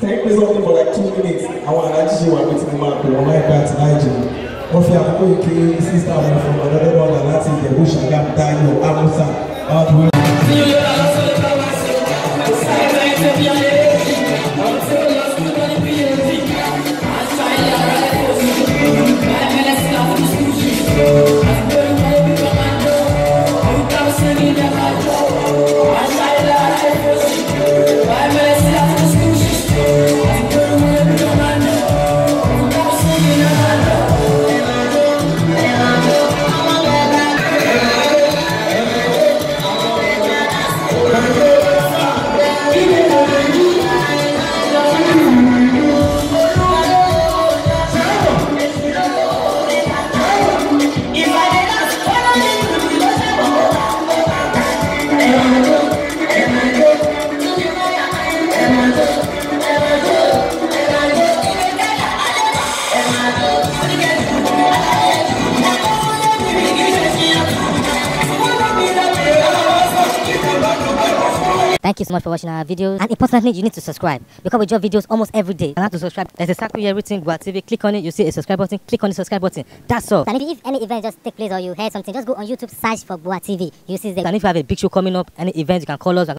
ten days only for like two minutes àwọn aláàjì ṣe wà pé tí mo máa pè wọ́n láìpẹ́ àti láìjẹ́ wọ́n fi àkókò ìké sísá wọn fún ọ̀dọ́dọ́dọ́ ọ̀la láti ìjẹ̀bú ṣàgàm táyọ̀ amúsà ọ̀dùn Thank you so much for watching our videos. And importantly, you need to subscribe because we drop videos almost every day. And how to subscribe? There's a circle here written Gua TV. Click on it, you see a subscribe button. Click on the subscribe button. That's all. And if any event just take place or you heard something, just go on YouTube, search for Gua TV. You see the. And if you have a big show coming up, any event, you can call us.